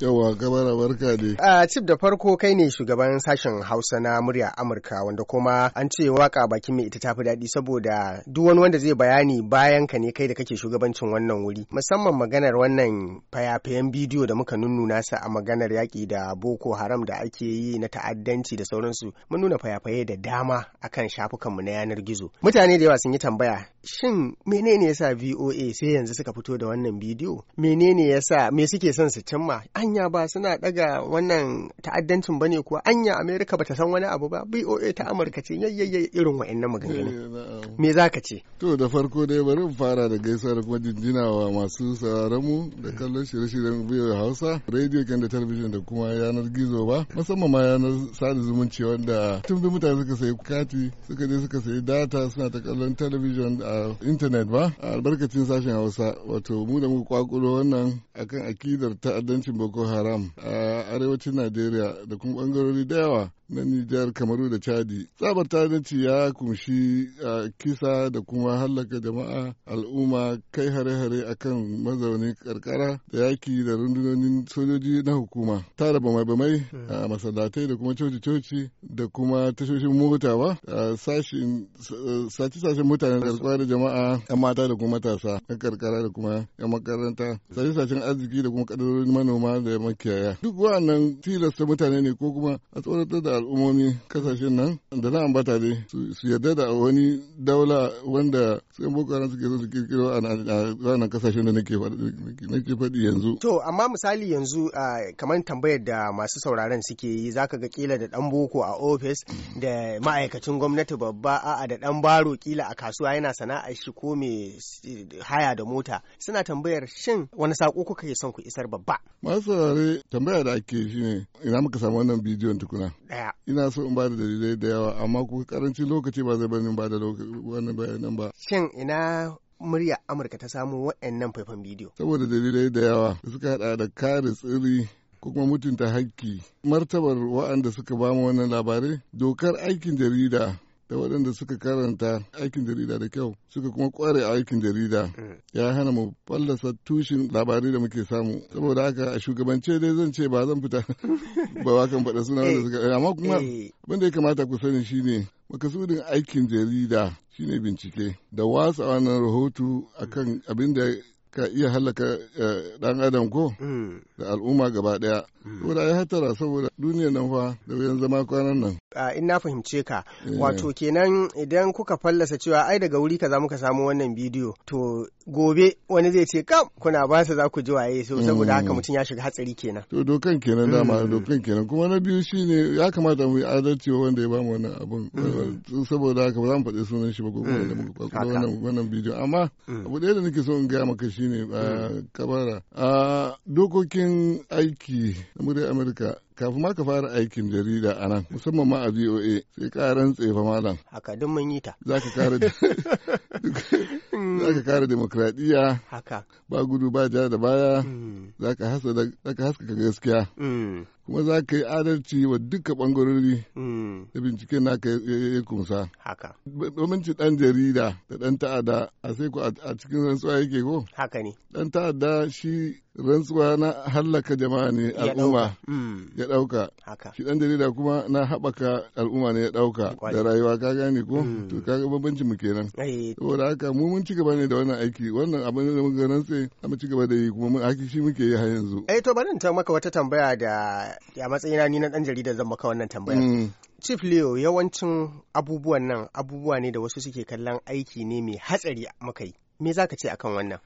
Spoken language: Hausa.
Yawa kamar barka ne. A cif da farko kai ne shugaban sashen Hausa na murya Amurka wanda kuma an ce waka bakin mai ita tafi daɗi saboda duk wani wanda zai bayani bayan ka ne kai da kake shugabancin wannan wuri. Musamman maganar wannan fayafayen bidiyo da muka nunnuna sa a maganar yaƙi da Boko Haram da ake yi na ta'addanci da sauransu. Mun nuna fayafaye da dama akan shafukanmu na yanar gizo. Mutane da yawa sun yi tambaya shin menene yasa VOA sai yanzu suka fito da wannan bidiyo? Menene yasa me suke son su cimma? Anya ba suna daga wannan ta'addancin bane kuwa anya Amerika bata san wani abu ba VOA ta Amurka ce yayyayye irin wa'annan maganganu. Eh, me za ka ce? To da farko dai bari in fara da gaisuwar kuma jinjina wa masu sauraron mu da kallon shirye-shiryen VOA Hausa, radio kan da talabijin da kuma yanar gizo ba, musamman ma yanar sada zumunci wanda tun bi mutane suka sayi kati suka je suka sayi data suna ta kallon talabijin a intanet ba albarkacin sashen hausa wato mu da muka kwakulo wannan akan akidar ta'addancin Boko Haram a arewacin Najeriya da kuma bangarori da yawa na Nijar, Kamaru da Chadi. Tsabar ta'addanci ya kunshi kisa da kuma hallaka jama'a al'umma kai hare-hare akan mazaunin karkara da yaki da rundunonin sojoji na hukuma. Tara bamai-bamai hmm. a masallatai da kuma coci-coci da kuma tashoshin mota ba sace mutanen da da jama'a 'yan mata da kuma matasa na karkara da kuma 'yan makaranta sashen arziki da kuma kadarorin manoma da makiyaya duk wannan tilasta mutane ne ko kuma a tsoratar da al'ummomi kasashen nan da na ambata ne su yarda da wani daula wanda sai boko haram suke so su kirkiro a ranar kasashen da nake faɗi yanzu. to amma misali yanzu kamar tambayar da masu sauraron suke yi zaka ga kila da dan boko a ofis da ma'aikacin gwamnati babba a'a da dan baro kila a kasuwa yana sana'a shi ko me haya da mota suna tambayar shin wani sako kuka son ku isar babba. Masu saurare tambaya da ake shi ne ina muka samu wannan bidiyon tukuna. Daya. Ina so in ba da dalilai da yawa amma ku karancin lokaci ba zai bani ba da wannan bayanan ba. Shin ina murya Amurka ta samu waɗannan faifan bidiyo. Saboda dalilai da yawa suka haɗa da kare tsiri ko kuma mutunta hakki martabar wa'anda suka bamu wannan labarai dokar aikin jarida da waɗanda suka karanta aikin jarida da kyau suka kuma kware a aikin jarida ya hana mu fallasa tushen labarai da muke samu saboda haka a shugabance dai zan ce ba zan fita ba wa kan faɗa suna wanda suka eh, amma kuma eh. abin ya kamata ku sani shine makasudin aikin jarida shine bincike da wasa wannan rahoto akan abin da ka iya halaka eh, ɗan adam ko hmm. da al'umma gaba daya hmm. saboda ya hatara saboda duniyar nan fa da wuyan zama kwanan nan in na fahimce ka eh. wato kenan idan kuka fallasa cewa ai daga wuri kaza muka samu wannan bidiyo to gobe wani zai ce kam kuna ba su za ku ji waye so saboda haka hmm. mutum ya shiga hatsari kenan to dokan kenan dama hmm. dokan kenan kuma na biyu shine ya kamata mu yi adalci wa wanda ya bamu wannan abun saboda haka ba za mu faɗi sunan shi ba ko kuma wannan bidiyo amma abu ɗaya da nake so in gaya maka shine ah, kabara ah, dokokin Yin aiki na murya Amurka kafin ma ka fara aikin jarida a nan musamman ma a VOA sai ka rantse fa malam. Haka don mun yi ta. Za ka kare za ka demokradiyya. Ba gudu ba ja da baya. Mm. Za ka haskaka gaskiya. Mm. kuma za ka yi adalci wa duka bangarori hmm. da binciken naka ya kunsa. Haka. ci ɗan jarida da ɗan ta'ada a sai ku a cikin rantsuwa yake ko? Haka ne. Ɗan ta'ada shi rantsuwa na hallaka jama'a ne al'umma hmm. ya ɗauka. Shi ɗan jarida kuma na haɓaka al'umma ne ya ɗauka da rayuwa ka gane ko? Hmm. To ka ga bambanci mu kenan. Eh. Saboda haka mu mun ci gaba ne da wannan aiki wannan abin da muka rantse mu ci gaba da yi kuma mun aiki shi muke yi har yanzu. Eh to bari in ta maka wata tambaya da a matsayina ni na dan jarida zan maka wannan tambaya mm. chief leo yawancin abubuwan nan abubuwa ne da wasu suke kallon aiki ne mai hatsari makai yi me zaka ce akan wannan